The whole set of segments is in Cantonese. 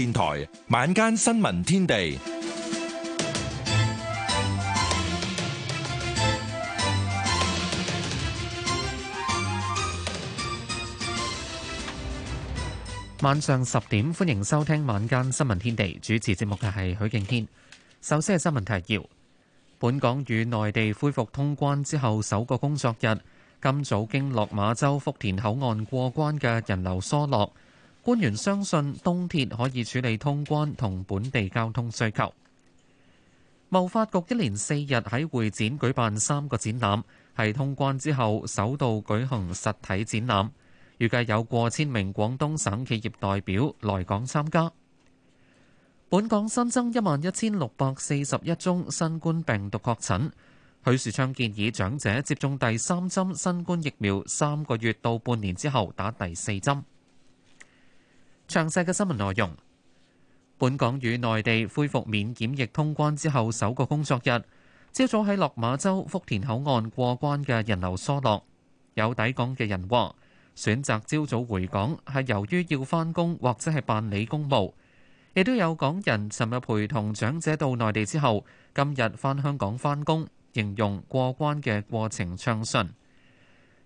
電台晚間新聞天地，晚上十點歡迎收聽晚間新聞天地。主持節目嘅係許敬天。首先係新聞提要：本港與內地恢復通關之後首個工作日，今早經落馬洲福田口岸過關嘅人流疏落。官員相信東鐵可以處理通關同本地交通需求。貿發局一連四日喺會展舉辦三個展覽，係通關之後首度舉行實體展覽，預計有過千名廣東省企業代表來港參加。本港新增一萬一千六百四十一宗新冠病毒確診。許樹昌建議長者接種第三針新冠疫苗，三個月到半年之後打第四針。詳細嘅新聞內容，本港與內地恢復免檢疫通關之後首個工作日，朝早喺落馬洲福田口岸過關嘅人流疏落。有抵港嘅人話，選擇朝早回港係由於要返工或者係辦理公務。亦都有港人尋日陪同長者到內地之後，今日返香港返工，形容過關嘅過程暢順。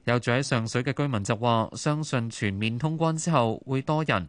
有住喺上水嘅居民就話，相信全面通關之後會多人。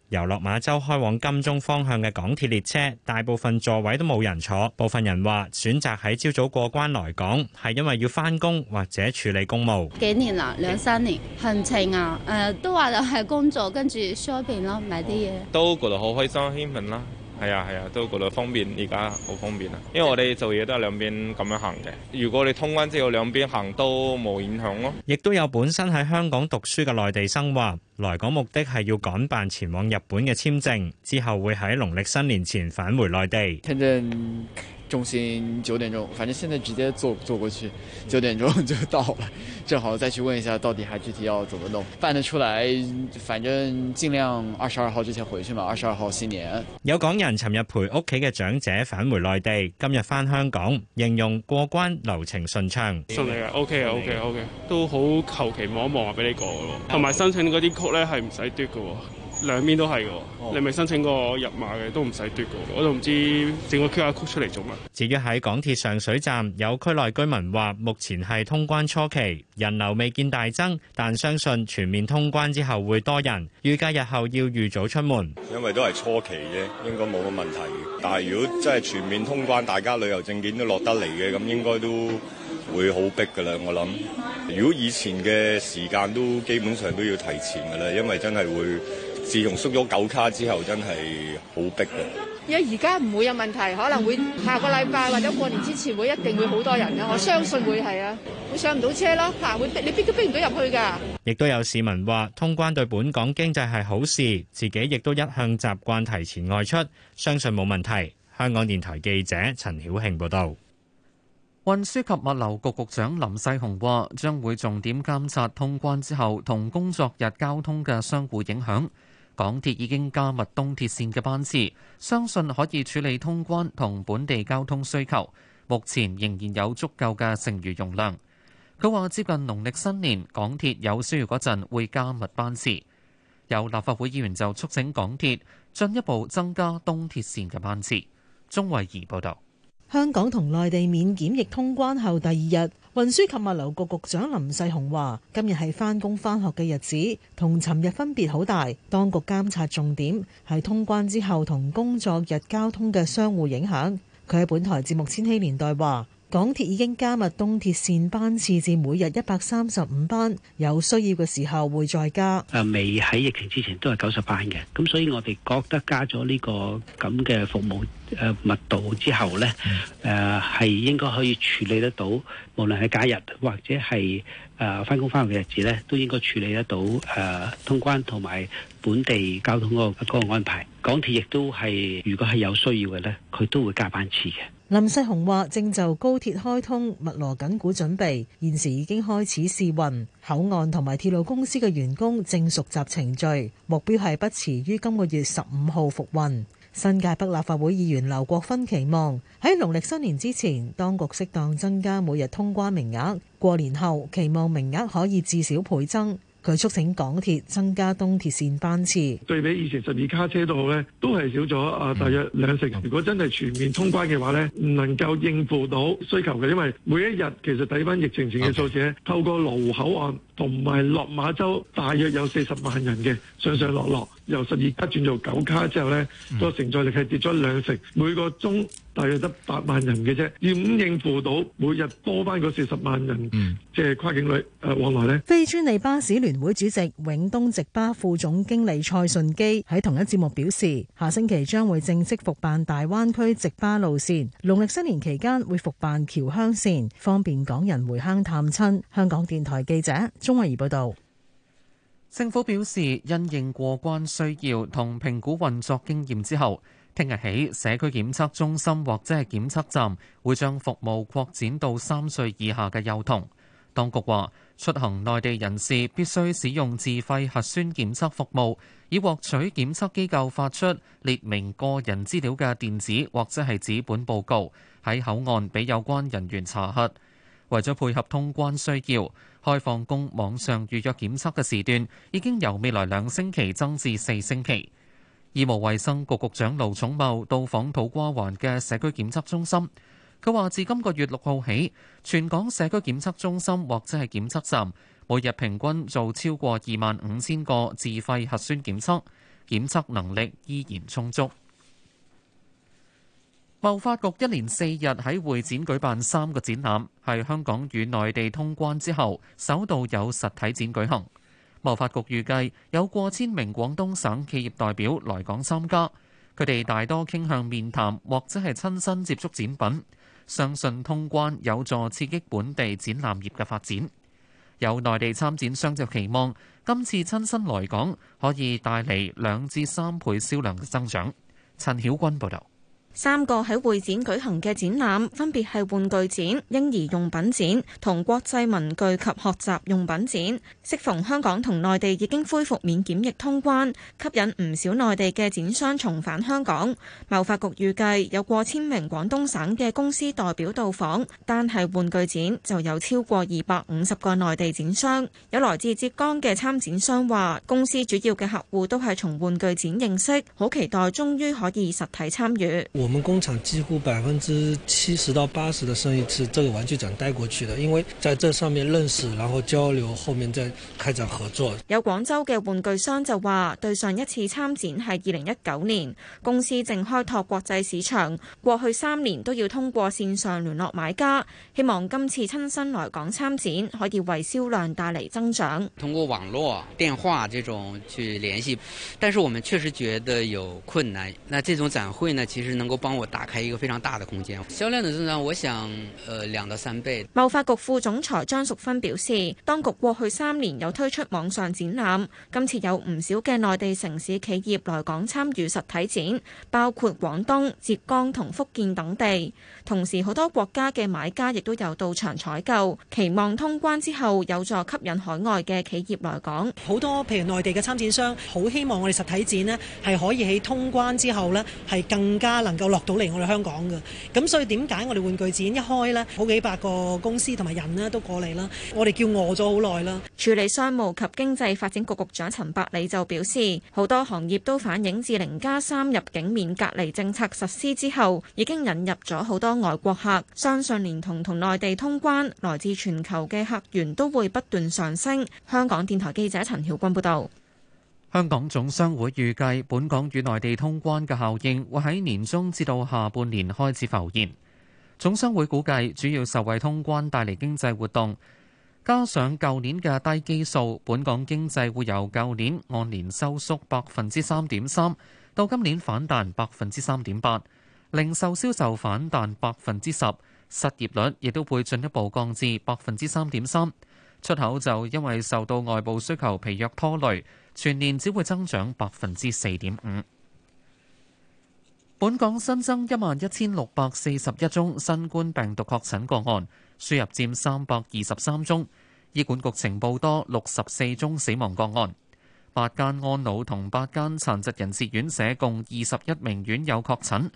由落馬洲開往金鐘方向嘅港鐵列車，大部分座位都冇人坐。部分人話選擇喺朝早過關來港，係因為要返工或者處理公務。幾年啦，兩三年行程啊，誒、呃、都話就係工作，跟住 shopping 咯，買啲嘢都覺得好開心，興奮啦。係啊係啊，都覺得方便，而家好方便啊。因為我哋做嘢都係兩邊咁樣行嘅。如果你通關之後兩邊行都冇影響咯。亦都有本身喺香港讀書嘅內地生話，來港目的係要趕辦前往日本嘅簽證，之後會喺農曆新年前返回內地。中心九點鐘，反正現在直接坐坐過去，九點鐘就到了，正好再去問一下到底還具體要怎麼弄辦得出來，反正盡量二十二號之前回去嘛，二十二號新年。有港人尋日陪屋企嘅長者返回內地，今日翻香港，形容過關流程順暢，順利啊，OK 啊，OK OK，都好求其望一望啊，俾你過咯，同埋申請啲曲咧係唔使嘟噶。兩邊都係嘅，oh. 你係咪申請過入碼嘅都唔使奪嘅？我都唔知整個 QR code 出嚟做乜。至於喺港鐵上水站，有區內居民話，目前係通關初期，人流未見大增，但相信全面通關之後會多人，預計日後要預早出門。因為都係初期啫，應該冇乜問題。但係如果真係全面通關，大家旅遊證件都落得嚟嘅，咁應該都會好逼㗎喇。我諗，如果以前嘅時間都基本上都要提前㗎喇，因為真係會。自從縮咗九卡之後，真係好逼嘅。而家唔會有問題，可能會下個禮拜或者過年之前會一定會好多人啦。哇我相信會係啊，會上唔到車咯，嚇會逼你逼，你逼都逼唔到入去㗎。亦都有市民話：通關對本港經濟係好事，自己亦都一向習慣提前外出，相信冇問題。香港電台記者陳曉慶報道。運輸及物流局局長林世雄話：將會重點監察通關之後同工作日交通嘅相互影響。港鐵已經加密東鐵線嘅班次，相信可以處理通關同本地交通需求。目前仍然有足夠嘅剩餘容量。佢話接近農曆新年，港鐵有需要嗰陣會加密班次。有立法會議員就促請港鐵進一步增加東鐵線嘅班次。鍾慧儀報道。香港同內地免檢疫通關後第二日，運輸及物流局局長林世雄話：今日係返工返學嘅日子，同尋日分別好大。當局監察重點係通關之後同工作日交通嘅相互影響。佢喺本台節目《千禧年代》話：港鐵已經加密東鐵線班次至每日一百三十五班，有需要嘅時候會再加。啊，未喺疫情之前都係九十班嘅，咁所以我哋覺得加咗呢個咁嘅服務誒、啊、密度之後呢，誒、啊、係應該可以處理得到，無論係假日或者係誒返工返學嘅日子呢，都應該處理得到誒、啊、通關同埋本地交通嗰個安排。港鐵亦都係，如果係有需要嘅呢，佢都會加班次嘅。林世雄話：正就高鐵開通密鑼緊鼓準備，現時已經開始試運，口岸同埋鐵路公司嘅員工正熟習程序，目標係不遲於今個月十五號復運。新界北立法會議員劉國勳期望喺農曆新年之前，當局適當增加每日通關名額，過年後期望名額可以至少倍增。佢促請港鐵增加東鐵線班次，對比以前十二卡車都好咧，都係少咗啊，大約兩成。如果真係全面通關嘅話咧，唔能夠應付到需求嘅，因為每一日其實睇翻疫情前嘅數字咧，透過羅湖口岸同埋落馬洲，大約有四十萬人嘅上上落落。 由十二卡轉做九卡之後，呢個承載力係跌咗兩成，每個鐘大約得八萬人嘅啫，要點應付到每日多翻嗰四十萬人，即係跨境旅、呃、往來呢，非專利巴士聯會主席永東直巴副總經理蔡順基喺同一節目表示，下星期將會正式復辦大灣區直巴路線，農曆新年期間會復辦僑鄉線，方便港人回鄉探親。香港電台記者鍾慧儀報道。政府表示，因應過關需要同評估運作經驗之後，聽日起社區檢測中心或者係檢測站會將服務擴展到三歲以下嘅幼童。當局話，出行內地人士必須使用自費核酸檢測服務，以獲取檢測機構發出列明個人資料嘅電子或者係紙本報告，喺口岸俾有關人員查核。為咗配合通關需要，開放公網上預約檢測嘅時段已經由未來兩星期增至四星期。醫務衛生局局長盧寵茂到訪土瓜灣嘅社區檢測中心，佢話：自今個月六號起，全港社區檢測中心或者係檢測站每日平均做超過二萬五千個自費核酸檢測，檢測能力依然充足。貿發局一連四日喺會展舉辦三個展覽，係香港與內地通關之後首度有實體展舉行。貿發局預計有過千名廣東省企業代表來港參加，佢哋大多傾向面談或者係親身接觸展品，相信通關有助刺激本地展覽業嘅發展。有內地參展商就期望今次親身來港可以帶嚟兩至三倍銷量嘅增長。陳曉君報道。三個喺會展舉行嘅展覽分別係玩具展、嬰兒用品展同國際文具及學習用品展。適逢香港同內地已經恢復免檢疫通關，吸引唔少內地嘅展商重返香港。貿發局預計有過千名廣東省嘅公司代表到訪，單係玩具展就有超過二百五十個內地展商。有來自浙江嘅參展商話：公司主要嘅客戶都係從玩具展認識，好期待終於可以實體參與。我們工廠幾乎百分之七十到八十的生意是這個玩具展帶過去的，因為在這上面認識，然後交流，後面再開展合作。有廣州嘅玩具商就話，對上一次參展係二零一九年，公司正開拓國際市場，過去三年都要通過線上聯絡買家，希望今次親身來港參展可以為銷量帶嚟增長。通過網絡、電話這種去聯繫，但是我們確實覺得有困難。那這種展會呢，其實能夠幫我打開一個非常大的空間，銷量的增長，我想，呃，兩到三倍。貿發局副總裁張淑芬表示，當局過去三年有推出網上展覽，今次有唔少嘅內地城市企業來港參與實體展，包括廣東、浙江同福建等地。同時，好多國家嘅買家亦都有到場採購，期望通關之後有助吸引海外嘅企業來港。好多譬如內地嘅參展商好希望我哋實體展呢，係可以喺通關之後呢，係更加能。有落到嚟我哋香港嘅，咁所以點解我哋玩具展一開呢？好幾百個公司同埋人呢都過嚟啦，我哋叫餓咗好耐啦。署理商務及經濟發展局局長陳百里就表示，好多行業都反映至零加三入境免隔離政策實施之後，已經引入咗好多外國客，相信連同同內地通關，來自全球嘅客源都會不斷上升。香港電台記者陳曉君報導。香港總商會預計，本港與內地通關嘅效應會喺年中至到下半年開始浮現。總商會估計，主要受惠通關帶嚟經濟活動，加上舊年嘅低基數，本港經濟會由舊年按年收縮百分之三點三，到今年反彈百分之三點八，零售銷售反彈百分之十，失業率亦都會進一步降至百分之三點三。出口就因為受到外部需求疲弱拖累。全年只會增長百分之四點五。本港新增一萬一千六百四十一宗新冠病毒確診個案，輸入佔三百二十三宗。醫管局呈報多六十四宗死亡個案，八間安老同八間殘疾人士院舍共二十一名院友確診。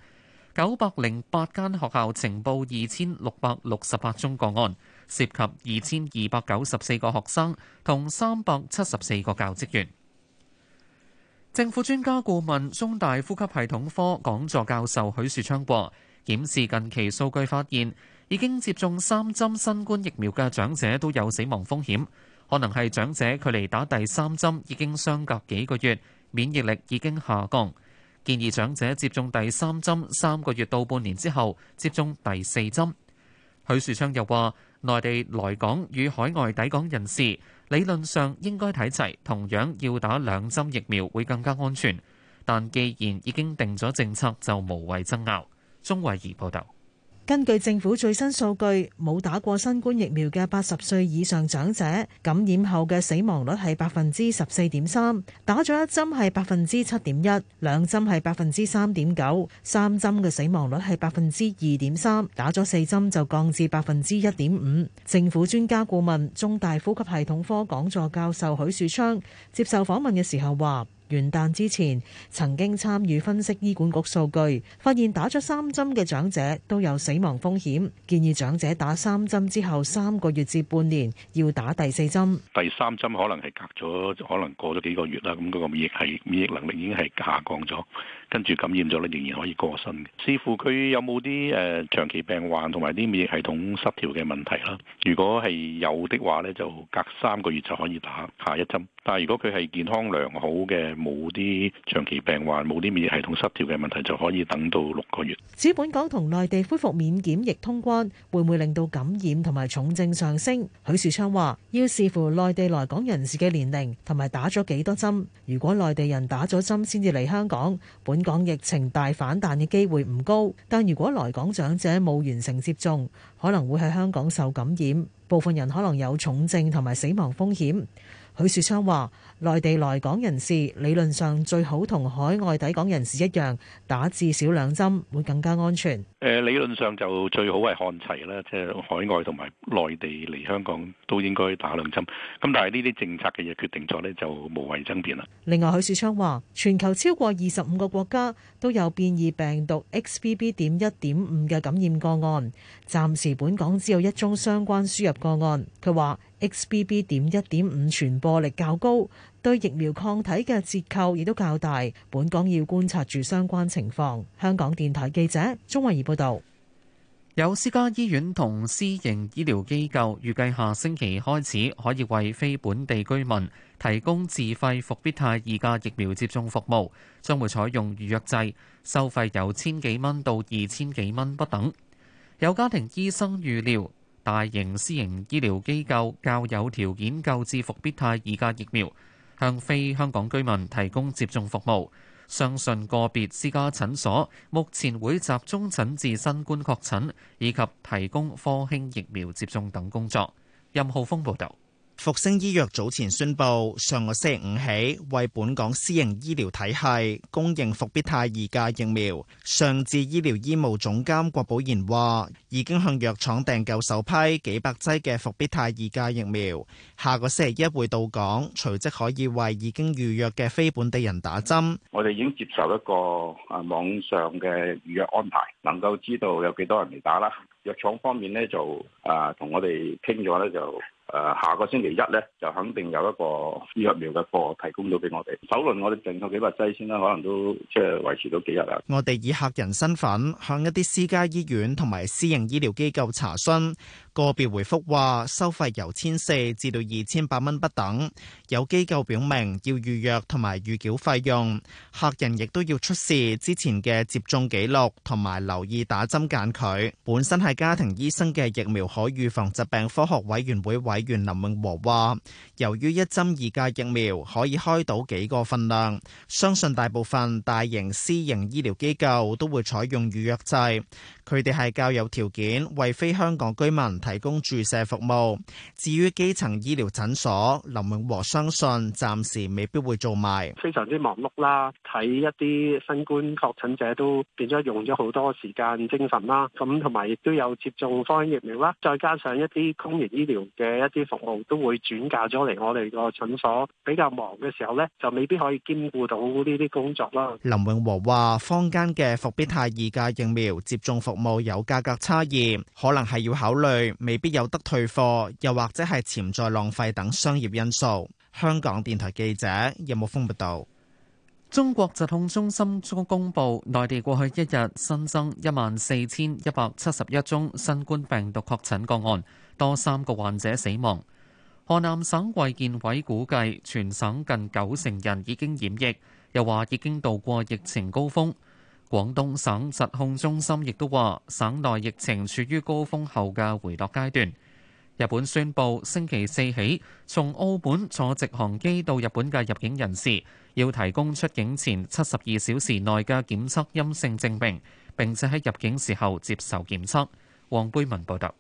九百零八間學校呈報二千六百六十八宗個案，涉及二千二百九十四個學生同三百七十四個教職員。政府專家顧問、中大呼吸系統科講座教授許樹昌話：顯示近期數據發現，已經接種三針新冠疫苗嘅長者都有死亡風險，可能係長者距離打第三針已經相隔幾個月，免疫力已經下降。建議長者接種第三針三個月到半年之後，接種第四針。許樹昌又話：內地來港與海外抵港人士。理論上應該睇齊，同樣要打兩針疫苗會更加安全。但既然已經定咗政策，就無謂爭拗。鍾慧儀報導。根據政府最新數據，冇打過新冠疫苗嘅八十歲以上長者感染後嘅死亡率係百分之十四點三，打咗一針係百分之七點一，兩針係百分之三點九，三針嘅死亡率係百分之二點三，打咗四針就降至百分之一點五。政府專家顧問、中大呼吸系統科講座教授許樹昌接受訪問嘅時候話：元旦之前曾經參與分析醫管局數據，發現打咗三針嘅長者都有死亡風險，建議長者打三針之後三個月至半年要打第四針。第三針可能係隔咗，可能過咗幾個月啦，咁嗰個免疫係免疫能力已經係下降咗。跟住感染咗咧，仍然可以過身嘅。視乎佢有冇啲誒長期病患同埋啲免疫系統失調嘅問題啦。如果係有的話咧，就隔三個月就可以打下一針。但係如果佢係健康良好嘅，冇啲長期病患、冇啲免疫系統失調嘅問題，就可以等到六個月。指本港同內地恢復免檢疫通關，會唔會令到感染同埋重症上升？許樹昌話要視乎內地來港人士嘅年齡同埋打咗幾多針。如果內地人打咗針先至嚟香港，本港港疫情大反彈嘅機會唔高，但如果來港長者冇完成接種，可能會喺香港受感染，部分人可能有重症同埋死亡風險。許樹昌話：內地來港人士理論上最好同海外抵港人士一樣打至少兩針，會更加安全。誒，理論上就最好係看齊啦，即係海外同埋內地嚟香港都應該打兩針。咁但係呢啲政策嘅嘢決定咗呢，就無謂爭辯啦。另外，許樹昌話：全球超過二十五個國家都有變異病毒 XBB. 點一點五嘅感染個案，暫時本港只有一宗相關輸入個案。佢話。XBB. 點一點五傳播力較高，對疫苗抗體嘅折扣亦都較大。本港要觀察住相關情況。香港電台記者鍾慧儀報道，有私家醫院同私營醫療機構預計下星期開始可以為非本地居民提供自費復必泰二價疫苗接種服務，將會採用預約制，收費由千幾蚊到二千幾蚊不等。有家庭醫生預料。大型私營醫療機構較有條件救治復必泰二價疫苗，向非香港居民提供接種服務，相信個別私家診所目前會集中診治新冠確診以及提供科興疫苗接種等工作。任浩峰報道。復星醫藥早前宣布，上個星期五起為本港私營醫療體系供應復必泰二價疫苗。上至醫療醫務總監郭寶賢話，已經向藥廠訂購首批幾百劑嘅復必泰二價疫苗，下個星期一會到港，隨即可以為已經預約嘅非本地人打針。我哋已經接受一個啊網上嘅預約安排，能夠知道有幾多人嚟打啦。藥廠方面呢，就啊同、呃、我哋傾咗咧就。誒，下個星期一咧，就肯定有一個疫苗嘅貨提供咗俾我哋。首輪我哋訂咗幾百劑先啦，可能都即係維持到幾日啦。我哋以客人身份向一啲私家醫院同埋私營醫療機構查詢。個別回覆話收費由千四至到二千八蚊不等，有機構表明要預約同埋預繳費用，客人亦都要出示之前嘅接種記錄同埋留意打針間距。佢本身係家庭醫生嘅疫苗可預防疾病科學委員會委員林永和話，由於一針二價疫苗可以開到幾個份量，相信大部分大型私營醫療機構都會採用預約制。佢哋係較有條件為非香港居民提供注射服務。至於基層醫療診所，林永和相信暫時未必會做埋。非常之忙碌啦，睇一啲新冠確診者都變咗用咗好多時間精神啦。咁同埋亦都有接種科興疫苗啦，再加上一啲公營醫療嘅一啲服務都會轉嫁咗嚟我哋個診所。比較忙嘅時候呢，就未必可以兼顧到呢啲工作啦。林永和話，坊間嘅復必泰二價疫苗接種服。服務有價格差異，可能係要考慮，未必有得退貨，又或者係潛在浪費等商業因素。香港電台記者任木峰報道。有有中國疾控中心昨公布，內地過去一日新增一萬四千一百七十一宗新冠病毒確診個案，多三個患者死亡。河南省衛健委估計，全省近九成人已經染疫，又話已經度過疫情高峰。廣東省疾控中心亦都話，省內疫情處於高峰後嘅回落階段。日本宣布，星期四起，從澳門坐直航機到日本嘅入境人士，要提供出境前七十二小時內嘅檢測陰性證明，並且喺入境時候接受檢測。黃貝文報道。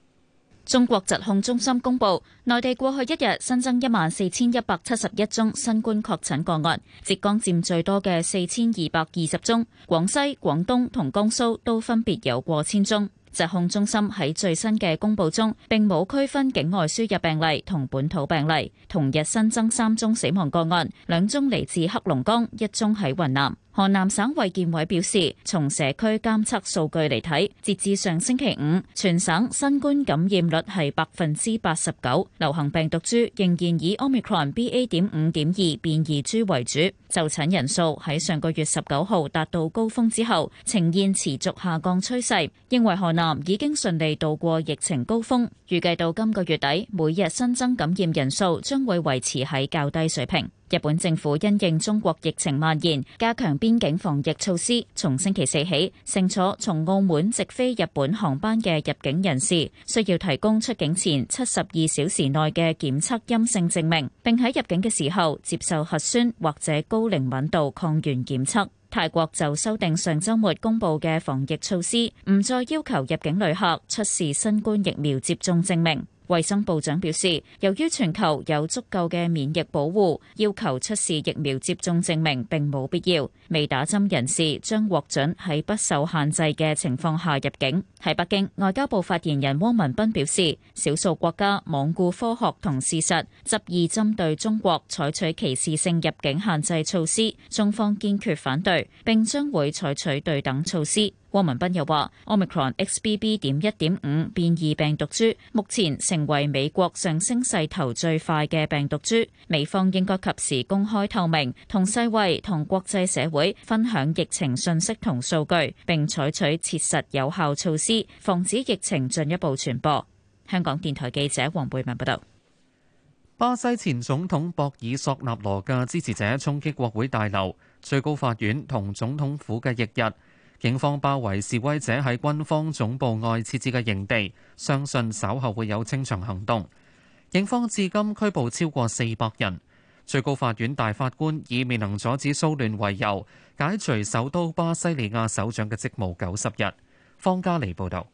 中國疾控中心公布，內地過去一日新增一萬四千一百七十一宗新冠確診個案，浙江佔最多嘅四千二百二十宗，廣西、廣東同江蘇都分別有過千宗。疾控中心喺最新嘅公布中，並冇區分境外輸入病例同本土病例，同日新增三宗死亡個案，兩宗嚟自黑龍江，一宗喺雲南。河南省衛健委表示，從社區監測數據嚟睇，截至上星期五，全省新冠感染率係百分之八十九，流行病毒株仍然以 Omicron BA. 點五點二變異株為主。就診人數喺上個月十九號達到高峰之後，呈現持續下降趨勢，認為河南已經順利度過疫情高峰，預計到今個月底，每日新增感染人數將會維持喺較低水平。日本政府因應中國疫情蔓延，加強邊境防疫措施。從星期四起，乘坐從澳門直飛日本航班嘅入境人士，需要提供出境前七十二小時內嘅檢測陰性證明，並喺入境嘅時候接受核酸或者高靈敏度抗原檢測。泰國就修訂上周末公布嘅防疫措施，唔再要求入境旅客出示新冠疫苗接種證明。衛生部長表示，由於全球有足夠嘅免疫保護，要求出示疫苗接種證明並冇必要。未打針人士將獲准喺不受限制嘅情況下入境。喺北京，外交部發言人汪文斌表示，少數國家罔顧科學同事實，執意針對中國採取歧視性入境限制措施，中方堅決反對，並將會採取對等措施。汪文斌又話：Omicron XBB. 點一點五變異病毒株目前成為美國上升勢頭最快嘅病毒株，美方應該及時公開透明，同世衞同國際社會分享疫情信息同數據，並採取切實有效措施，防止疫情進一步傳播。香港電台記者黃貝文報道。巴西前總統博爾索納羅嘅支持者衝擊國會大樓、最高法院同總統府嘅翌日。警方包圍示威者喺軍方總部外設置嘅營地，相信稍後會有清場行動。警方至今拘捕超過四百人。最高法院大法官以未能阻止騷亂為由，解除首都巴西利亞首長嘅職務九十日。方家妮報道：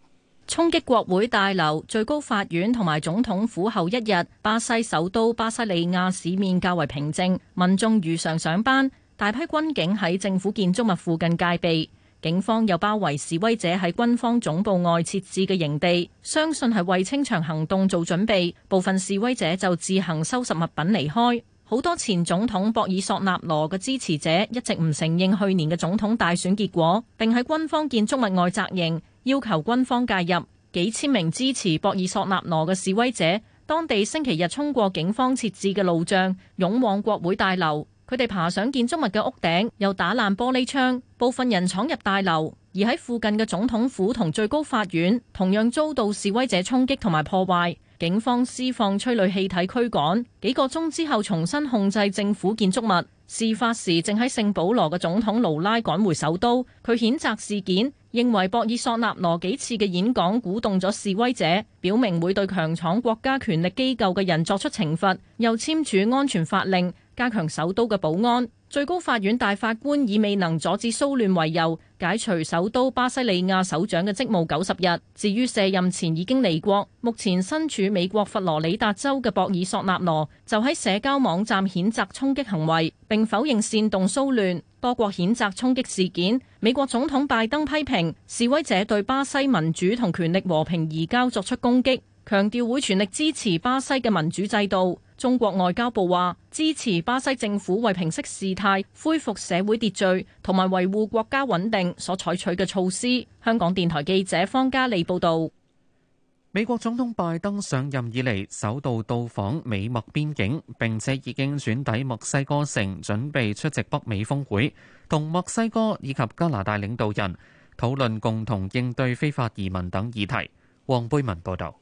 衝擊國會大樓、最高法院同埋總統府後一日，巴西首都巴西利亞市面較為平靜，民眾如常上，上班，大批軍警喺政府建築物附近戒備。警方又包圍示威者喺軍方總部外設置嘅營地，相信係為清場行動做準備。部分示威者就自行收拾物品離開。好多前總統博爾索納羅嘅支持者一直唔承認去年嘅總統大選結果，並喺軍方建築物外紮營，要求軍方介入。幾千名支持博爾索納羅嘅示威者，當地星期日衝過警方設置嘅路障，湧往國會大樓。佢哋爬上建築物嘅屋頂，又打爛玻璃窗。部分人闖入大樓，而喺附近嘅總統府同最高法院同樣遭到示威者衝擊同埋破壞。警方施放催淚氣體驅趕，幾個鐘之後重新控制政府建築物。事發時正喺聖保羅嘅總統盧拉趕回首都，佢譴責事件，認為博爾索納羅幾次嘅演講鼓動咗示威者，表明會對強闖國家權力機構嘅人作出懲罰，又簽署安全法令。加強首都嘅保安。最高法院大法官以未能阻止騷亂為由，解除首都巴西利亞首長嘅職務九十日。至於卸任前已經離國，目前身處美國佛羅里達州嘅博爾索納羅就喺社交網站譴責衝擊行為，並否認煽動騷亂。多國譴責衝擊事件。美國總統拜登批評示威者對巴西民主同權力和平移交作出攻擊，強調會全力支持巴西嘅民主制度。中國外交部話支持巴西政府為平息事態、恢復社會秩序同埋維護國家穩定所採取嘅措施。香港電台記者方嘉莉報道。美國總統拜登上任以嚟首度到訪美墨邊境，並且已經轉抵墨西哥城，準備出席北美峰會，同墨西哥以及加拿大領導人討論共同應對非法移民等議題。黃貝文報道。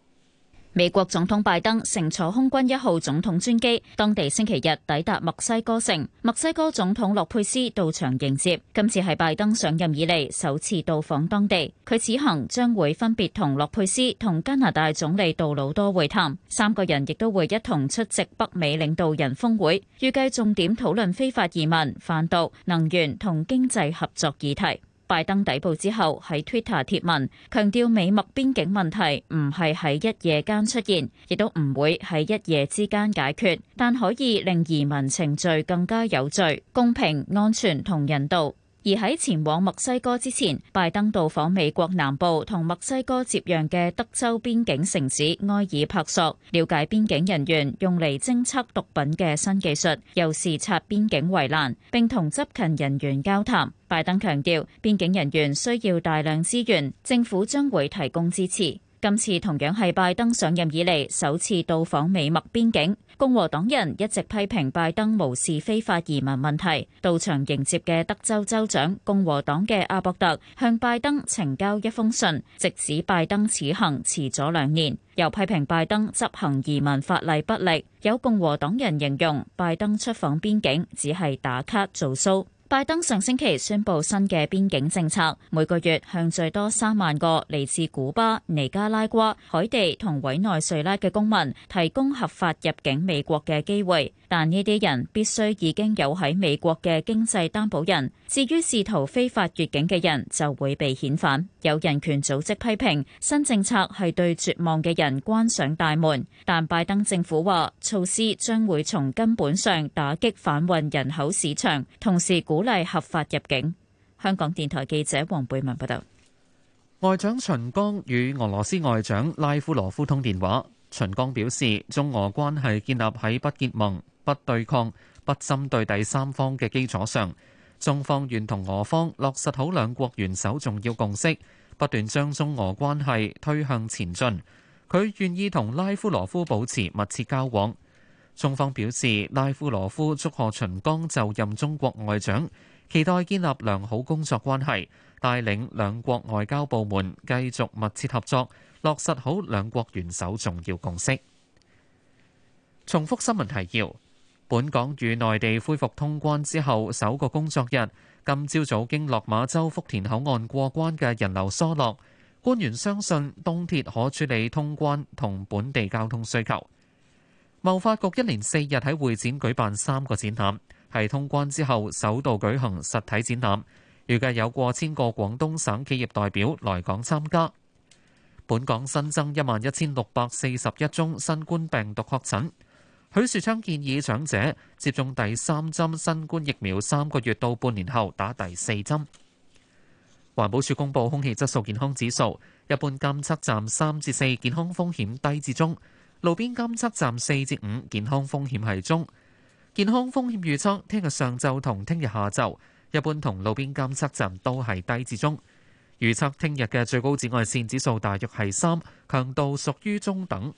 美國總統拜登乘坐空軍一號總統專機，當地星期日抵達墨西哥城。墨西哥總統洛佩斯到場迎接。今次係拜登上任以嚟首次到訪當地。佢此行將會分別同洛佩斯同加拿大總理杜魯多會談，三個人亦都會一同出席北美領導人峰會，預計重點討論非法移民、販毒、能源同經濟合作議題。拜登抵埗之後喺 Twitter 貼文，強調美墨邊境問題唔係喺一夜間出現，亦都唔會喺一夜之間解決，但可以令移民程序更加有序、公平、安全同人道。而喺前往墨西哥之前，拜登到訪美國南部同墨西哥接壤嘅德州邊境城市埃爾帕索，了解邊境人員用嚟偵測毒品嘅新技術，又視察邊境圍欄，並同執勤人員交談。拜登強調，邊境人員需要大量資源，政府將會提供支持。今次同樣係拜登上任以嚟首次到訪美墨邊境，共和黨人一直批評拜登無視非法移民問題。到場迎接嘅德州州長共和黨嘅阿伯特向拜登呈交一封信，直指拜登此行遲咗兩年，又批評拜登執行移民法例不力。有共和黨人形容拜登出訪邊境只係打卡做 show。拜登上星期宣布新嘅邊境政策，每個月向最多三萬個嚟自古巴、尼加拉瓜、海地同委內瑞拉嘅公民提供合法入境美國嘅機會。但呢啲人必須已經有喺美國嘅經濟擔保人。至於試圖非法越境嘅人，就會被遣返。有人權組織批評新政策係對絕望嘅人關上大門，但拜登政府話措施將會從根本上打擊販運人口市場，同時鼓勵合法入境。香港電台記者黃貝文報道。外長秦剛與俄羅斯外長拉夫羅夫通電話，秦剛表示，中俄關係建立喺不結盟。不對抗、不針對第三方嘅基礎上，中方願同俄方落實好兩國元首重要共識，不斷將中俄關係推向前進。佢願意同拉夫羅夫保持密切交往。中方表示，拉夫羅夫祝賀秦剛就任中國外長，期待建立良好工作關係，帶領兩國外交部門繼續密切合作，落實好兩國元首重要共識。重複新聞提要。本港與內地恢復通關之後首個工作日，今朝早，早經落馬洲福田口岸過關嘅人流疏落。官員相信東鐵可處理通關同本地交通需求。貿發局一連四日喺會展舉辦三個展覽，係通關之後首度舉行實體展覽，預計有過千個廣東省企業代表來港參加。本港新增一萬一千六百四十一宗新冠病毒確診。許樹昌建議長者接種第三針新冠疫苗，三個月到半年後打第四針。環保署公布空氣質素健康指數，一般監測站三至四，健康風險低至中；路邊監測站四至五，健康風險係中。健康風險預測聽日上晝同聽日下晝，一般同路邊監測站都係低至中。預測聽日嘅最高紫外綫指數大約係三，強度屬於中等。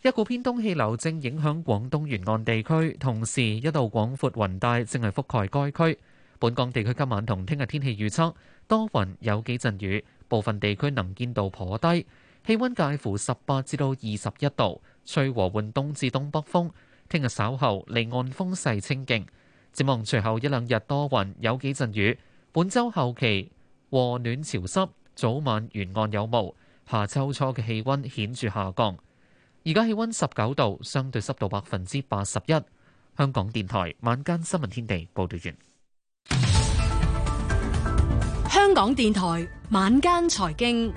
一股偏東氣流正影響廣東沿岸地區，同時一道廣闊雲帶正係覆蓋該區。本港地區今晚同聽日天氣預測多雲，有幾陣雨，部分地區能見度頗低，氣温介乎十八至到二十一度，吹和緩東至東北風。聽日稍後離岸風勢清勁。展望隨後一兩日多雲，有幾陣雨。本週後期和暖潮濕，早晚沿岸有霧。下週初嘅氣温顯著下降。而家氣溫十九度，相對濕度百分之八十一。香港電台晚間新聞天地報道完。香港電台晚間財經，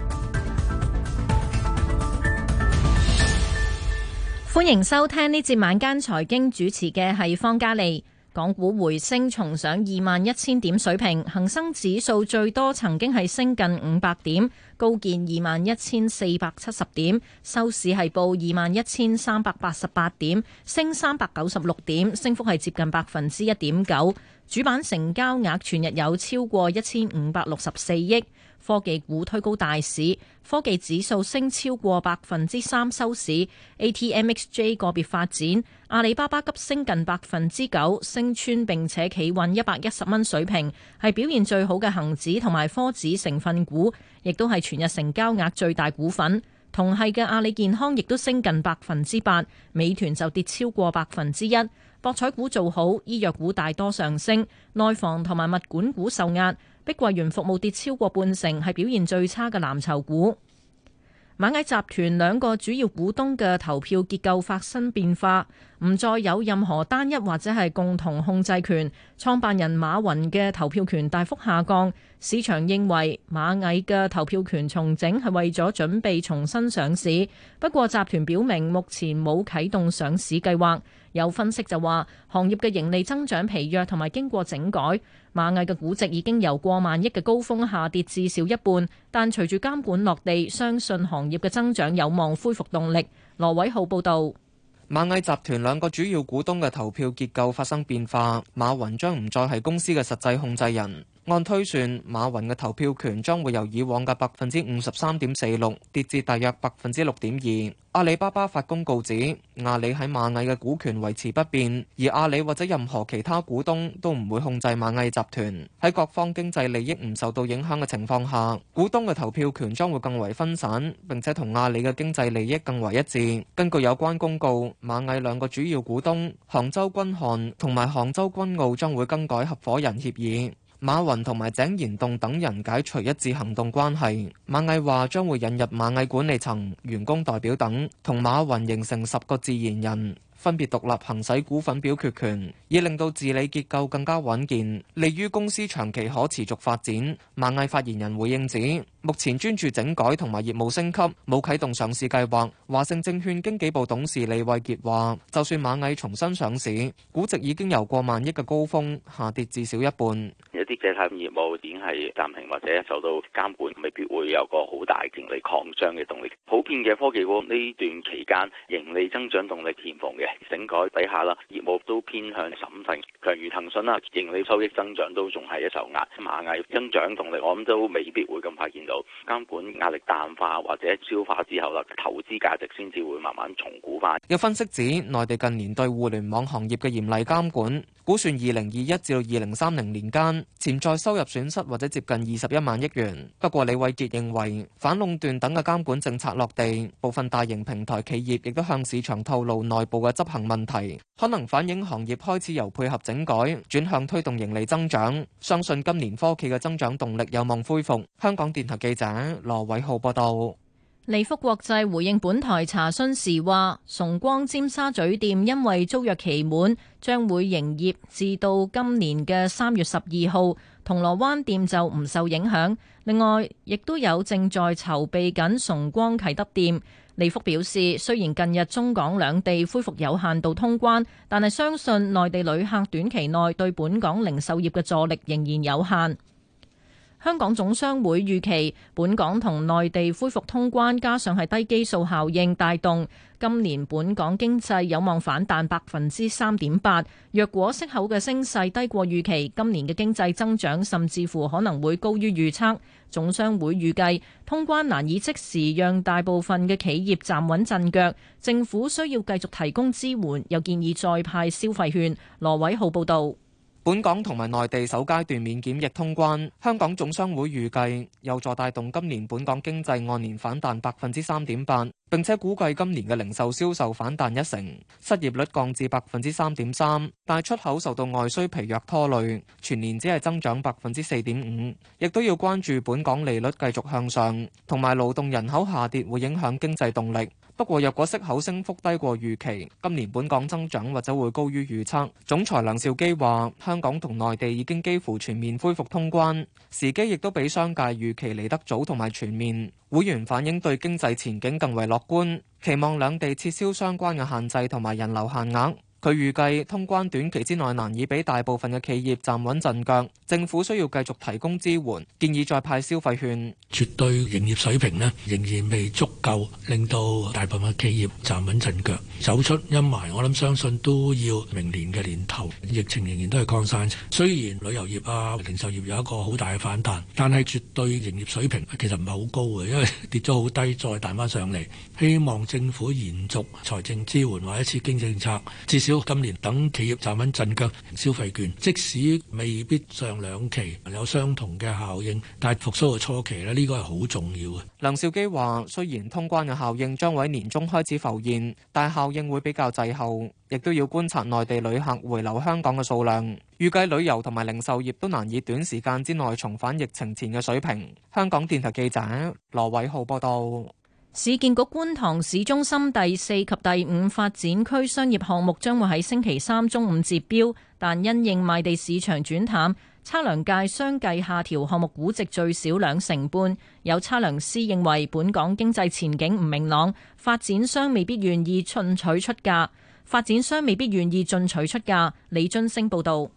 歡迎收聽呢節晚間財經，主持嘅係方嘉莉。港股回升，重上二萬一千點水平。恒生指數最多曾經係升近五百點，高見二萬一千四百七十點。收市係報二萬一千三百八十八點，升三百九十六點，升幅係接近百分之一點九。主板成交額全日有超過一千五百六十四億。科技股推高大市，科技指數升超過百分之三收市。A T M X J 個別發展，阿里巴巴急升近百分之九，升穿並且企穩一百一十蚊水平，係表現最好嘅恒指同埋科指成分股，亦都係全日成交額最大股份。同係嘅阿里健康亦都升近百分之八，美團就跌超過百分之一。博彩股做好，醫藥股大多上升，內房同埋物管股受壓。碧桂園服務跌超過半成，係表現最差嘅藍籌股。螞蟻集團兩個主要股東嘅投票結構發生變化。唔再有任何單一或者係共同控制權，創辦人馬雲嘅投票權大幅下降。市場認為螞蟻嘅投票權重整係為咗準備重新上市，不過集團表明目前冇啟動上市計劃。有分析就話，行業嘅盈利增長疲弱同埋經過整改，螞蟻嘅估值已經由過萬億嘅高峰下跌至少一半。但隨住監管落地，相信行業嘅增長有望恢復動力。羅偉浩報導。螞蟻集團兩個主要股東嘅投票結構發生變化，馬雲將唔再係公司嘅實際控制人。按推算，馬雲嘅投票權將會由以往嘅百分之五十三點四六跌至大約百分之六點二。阿里巴巴發公告指，阿里喺螞蟻嘅股權維持不變，而阿里或者任何其他股東都唔會控制螞蟻集團。喺各方經濟利益唔受到影響嘅情況下，股東嘅投票權將會更為分散，並且同阿里嘅經濟利益更為一致。根據有關公告，螞蟻兩個主要股東，杭州君瀚同埋杭州君澳將會更改合伙人協議。馬雲同埋井賢棟等人解除一致行動關係。螞蟻話將會引入螞蟻管理層、員工代表等，同馬雲形成十個自然人，分別獨立行使股份表決權，以令到治理結構更加穩健，利於公司長期可持續發展。螞蟻發言人回應指。目前專注整改同埋業務升級，冇啟動上市計劃。華盛證券經紀部董事李慧傑話，就算螞蟻重新上市，估值已經由過萬億嘅高峰下跌至少一半。有啲借貸業務已經係暫停或者受到監管，未必會有個好大盈利擴張嘅動力。普遍嘅科技股呢段期間盈利增長動力潛伏嘅整改底下啦，業務都偏向審慎，強如騰訊啦，盈利收益增長都仲係一受壓。螞蟻增長動力我諗都未必會咁快見到。監管壓力淡化或者消化之後啦，投資價值先至會慢慢重估翻有分析指，內地近年對互聯網行業嘅嚴厲監管。估算二零二一至二零三零年間潛在收入損失或者接近二十一萬億元。不過李慧傑認為反壟斷等嘅監管政策落地，部分大型平台企業亦都向市場透露內部嘅執行問題，可能反映行業開始由配合整改，轉向推動盈利增長，相信今年科技嘅增長動力有望恢復。香港電台記者羅偉浩報道。利福國際回應本台查詢時話，崇光尖沙咀店因為租約期滿將會營業至到今年嘅三月十二號，銅鑼灣店就唔受影響，另外，亦都有正在籌備緊崇光啟德店。利福表示，雖然近日中港兩地恢復有限度通關，但係相信內地旅客短期內對本港零售業嘅助力仍然有限。香港總商會預期，本港同內地恢復通關，加上係低基數效應帶動，今年本港經濟有望反彈百分之三點八。若果息口嘅升勢低過預期，今年嘅經濟增長甚至乎可能會高於預測。總商會預計，通關難以即時讓大部分嘅企業站穩陣腳，政府需要繼續提供支援，又建議再派消費券。羅偉浩報道。本港同埋內地首階段免檢疫通關，香港總商會預計有助帶動今年本港經濟按年反彈百分之三點八，並且估計今年嘅零售銷售反彈一成，失業率降至百分之三點三。但出口受到外需疲弱拖累，全年只係增長百分之四點五，亦都要關注本港利率繼續向上，同埋勞動人口下跌會影響經濟動力。不過，若果息口升幅低過預期，今年本港增長或者會高於預測。總裁梁兆基話：香港同內地已經幾乎全面恢復通關，時機亦都比商界預期嚟得早同埋全面。會員反映對經濟前景更為樂觀，期望兩地撤銷相關嘅限制同埋人流限額。佢預計通關短期之內難以俾大部分嘅企業站穩陣腳，政府需要繼續提供支援，建議再派消費券。絕對營業水平咧仍然未足夠令到大部分企業站穩陣腳，走出陰霾。我諗相信都要明年嘅年頭疫情仍然都係擴散。雖然旅遊業啊、零售業有一個好大嘅反彈，但係絕對營業水平其實唔係好高嘅，因為跌咗好低再彈翻上嚟。希望政府延續財政支援或一次經濟政策，至少。今年等企業站穩陣腳消費券，即使未必上兩期有相同嘅效應，但係復甦嘅初期呢，呢個係好重要嘅。梁兆基話，雖然通關嘅效應將會喺年中開始浮現，但效應會比較滯後，亦都要觀察內地旅客回流香港嘅數量。預計旅遊同埋零售業都難以短時間之內重返疫情前嘅水平。香港電台記者羅偉浩報道。市建局觀塘市中心第四及第五發展區商業項目將會喺星期三中午截標，但因應賣地市場轉淡，測量界相繼下調項目估值最少兩成半。有測量師認為本港經濟前景唔明朗，發展商未必願意進取出價。發展商未必願意進取出價。李俊升報道。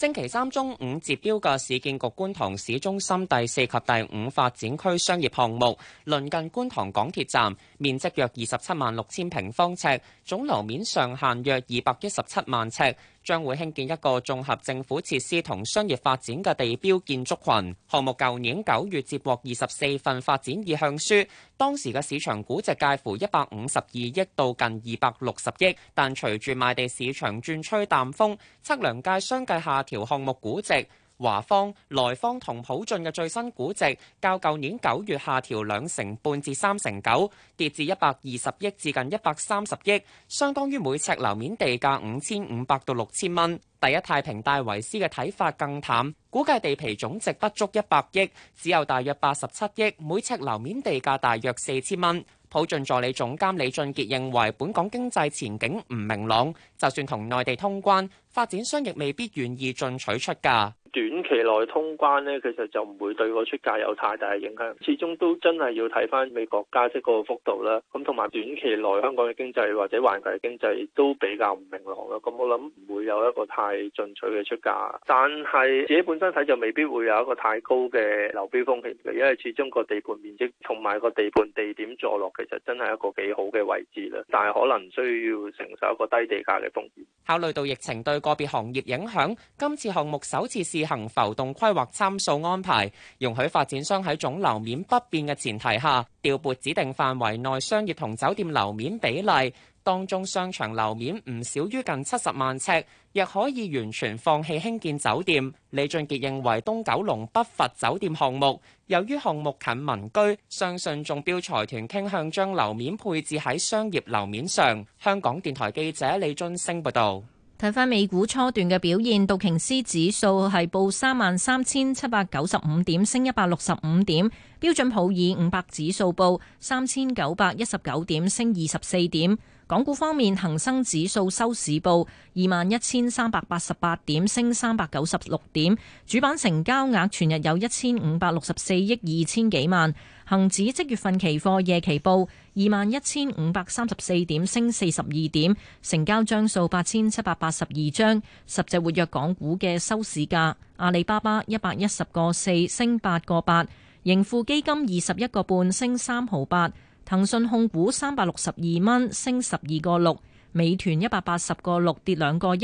星期三中午截標嘅市建局觀塘市中心第四及第五發展區商業項目，鄰近觀塘港鐵站，面積約二十七萬六千平方尺，總樓面上限約二百一十七萬尺。將會興建一個綜合政府設施同商業發展嘅地標建築群。項目舊年九月接獲二十四份發展意向書，當時嘅市場估值介乎一百五十二億到近二百六十億，但隨住賣地市場轉吹淡風，測量界相繼下調項目估值。華坊、萊坊同普縉嘅最新估值，較舊年九月下調兩成半至三成九，跌至一百二十億至近一百三十億，相當於每尺樓面地價五千五百到六千蚊。第一太平戴維斯嘅睇法更淡，估計地皮總值不足一百億，只有大約八十七億，每尺樓面地價大約四千蚊。普縉助理總監李俊傑認為，本港經濟前景唔明朗，就算同內地通關。發展商亦未必願意進取出價，短期內通關呢，其實就唔會對個出價有太大嘅影響。始終都真係要睇翻美國加息係個幅度啦。咁同埋短期內香港嘅經濟或者環球嘅經濟都比較唔明朗啦。咁我諗唔會有一個太進取嘅出價。但係自己本身睇就未必會有一個太高嘅流標風險嘅，因為始終個地盤面積同埋個地盤地點坐落其實真係一個幾好嘅位置啦。但係可能需要承受一個低地價嘅風險。考慮到疫情對個別行業影響今次項目首次試行浮動規劃參數安排，容許發展商喺總樓面不變嘅前提下調撥指定範圍內商業同酒店樓面比例，當中商場樓面唔少於近七十萬尺，亦可以完全放棄興建酒店。李俊杰認為，東九龍不乏酒店項目，由於項目近民居，相信中標財團傾向將樓面配置喺商業樓面上。香港電台記者李津升報道。睇返美股初段嘅表現，道瓊斯指數係報三萬三千七百九十五點，升一百六十五點；標準普爾五百指數報三千九百一十九點，升二十四點。港股方面，恒生指數收市報二萬一千三百八十八點升三百九十六點，主板成交額全日有一千五百六十四億二千幾萬，恒指即月份期貨夜期報二萬一千五百三十四點升四十二點，成交張數八千七百八十二張，十隻活躍港股嘅收市價，阿里巴巴一百一十個四升八個八，盈富基金二十一個半升三毫八。騰訊控股三百六十二蚊，升十二個六；美團一百八十個六，跌兩個一；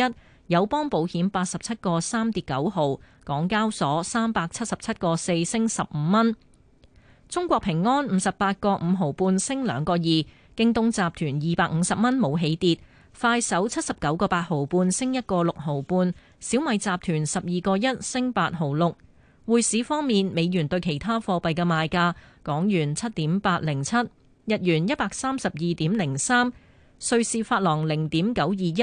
友邦保險八十七個三，跌九毫；港交所三百七十七個四，升十五蚊；中國平安五十八個五毫半，升兩個二；京東集團二百五十蚊，冇起跌；快手七十九個八毫半，升一個六毫半；小米集團十二個一，升八毫六。匯市方面，美元對其他貨幣嘅賣價，港元七點八零七。日元一百三十二點零三，瑞士法郎零點九二一，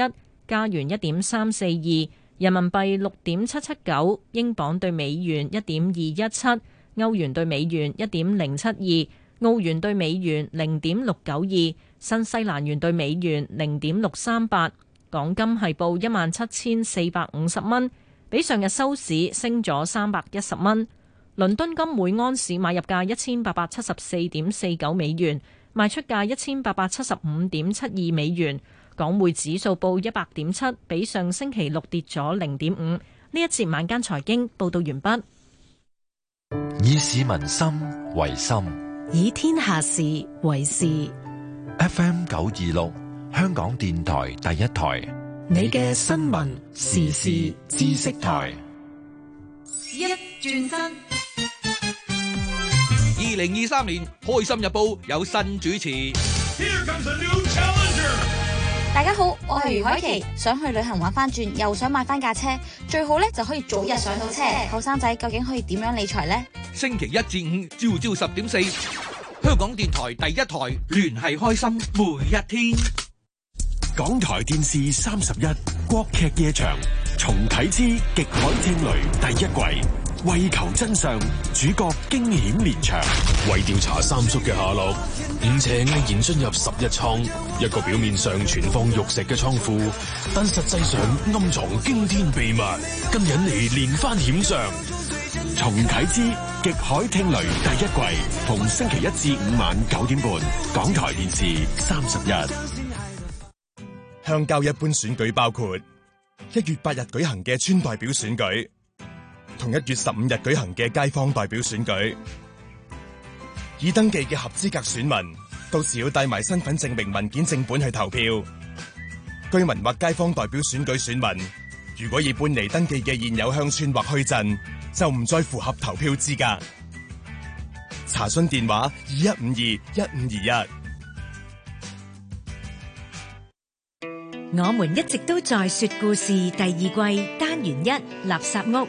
加元一點三四二，人民幣六點七七九，英鎊對美元一點二一七，歐元對美元一點零七二，澳元對美元零點六九二，新西蘭元對美元零點六三八，港金係報一萬七千四百五十蚊，比上日收市升咗三百一十蚊。倫敦金每安士買入價一千八百七十四點四九美元，賣出價一千八百七十五點七二美元。港匯指數報一百點七，比上星期六跌咗零點五。呢一節晚間財經報道完畢。以市民心為心，以天下事為事。FM 九二六，香港電台第一台，你嘅新聞時事知識台。一轉身。二零二三年《開心日報》有新主持。大家好，我係余海琪，想去旅行玩翻轉，又想買翻架車，最好咧就可以早日上到車。後生仔究竟可以點樣理財呢？星期一至五朝朝十點四，香港電台第一台，聯繫開心每一天。港台電視三十一，國劇夜場，《重啟之極海聽雷》第一季。為求真相，主角驚險連場。為調查三叔嘅下落，吳邪毅然進入十一倉，一個表面上存放玉石嘅倉庫，但實際上暗藏驚天秘密，更引嚟連番險象。重啟之極海聽雷第一季，逢星期一至五晚九點半，港台電視三十一。鄉郊一般選舉包括一月八日舉行嘅村代表選舉。同一月十五日舉行嘅街坊代表選舉，已登記嘅合資格選民到時要帶埋身份證明文件正本去投票。居民或街坊代表選舉選民，如果已搬離登記嘅現有鄉村或墟鎮，就唔再符合投票資格。查詢電話：二一五二一五二一。我們一直都在說故事第二季單元一：垃圾屋。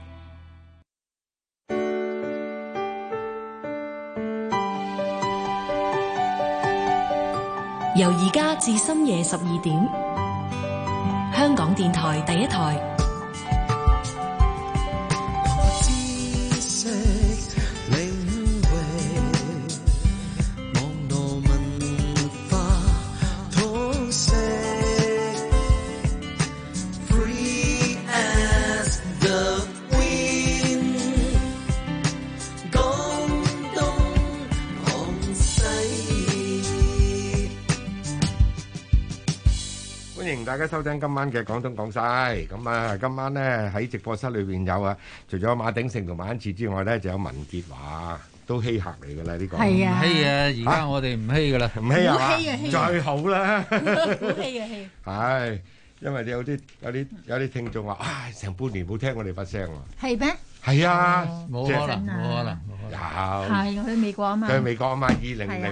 由而家至深夜十二點，香港電台第一台。大家收聽今晚嘅廣東講晒，咁啊，今晚咧喺直播室裏邊有啊，除咗馬鼎盛同馬恩賜之外咧，就有文潔華，都稀客嚟噶啦，呢個，係啊，唔稀啊，而家我哋唔稀噶啦，唔稀啊嘛，最好啦，好稀啊，稀，係，因為有啲有啲有啲聽眾話，唉，成半年冇聽我哋發聲喎，係咩？係啊，冇可能，冇可能，有。係，去美國啊嘛。去美國啊嘛，二零零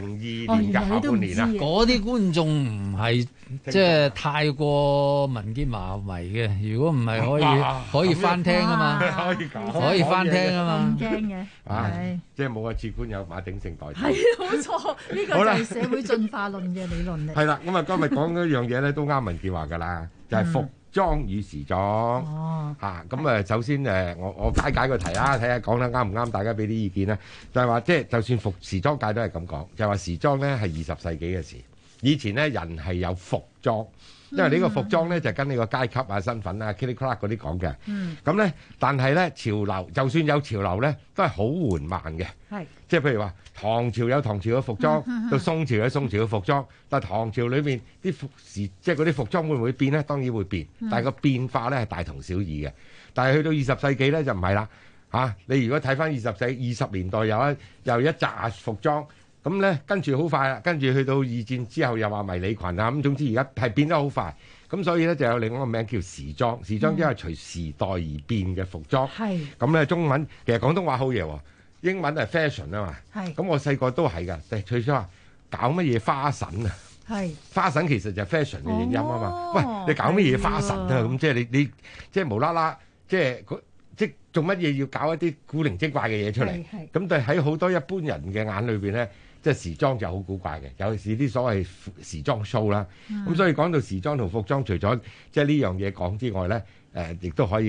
二年下半年啊。嗰啲觀眾唔係即係太過文建華為嘅，如果唔係可以可以翻聽啊嘛，可以搞，可以翻聽啊嘛。唔驚嘅，即係冇一次觀有馬鼎盛代替。冇錯，呢個係社會進化論嘅理論嚟。係啦，咁啊今日講嗰樣嘢咧都啱文建華噶啦，就係福。裝與時裝，哦，嚇咁啊！首先誒，我我解解個題啦，睇下講得啱唔啱？大家俾啲意見啦。就係話，即係就算服時裝界都係咁講，就係話時裝咧係二十世紀嘅事，以前咧人係有服裝，因為呢個服裝呢，就是、跟呢個階級啊、身份啊、Kitty Clark 嗰啲講嘅，咁、嗯、呢，但係呢，潮流，就算有潮流呢，都係好緩慢嘅。係是，即係譬如話唐朝有唐朝嘅服裝， 到宋朝有宋朝嘅服裝，但係唐朝裏面啲服即係啲服裝會唔會變呢？當然會變，但係個變化呢係大同小異嘅。但係去到二十世紀呢，就唔係啦，嚇、啊！你如果睇翻二十世二十年代有，有一又一紮服裝。咁咧跟住好快啦，跟住去到二戰之後又話迷你裙，啊，咁總之而家係變得好快。咁所以咧就有另一個名叫時裝，時裝因為隨時代而變嘅服裝。係。咁咧中文其實廣東話好嘢，英文係 fashion 啊嘛。係。咁我細個都係㗎，除咗話搞乜嘢花神啊？係。花神其實就係 fashion 嘅譯音啊嘛。喂，你搞乜嘢花神啊？咁即係你你即係無啦啦，即係即係做乜嘢要搞一啲古靈精怪嘅嘢出嚟？咁但係喺好多一般人嘅眼裏邊咧。即係時裝就好古怪嘅，尤其是啲所謂時裝 show 啦，嗯。咁所以講到時裝同服裝除咗即係呢樣嘢講之外咧，誒、呃、亦都可以。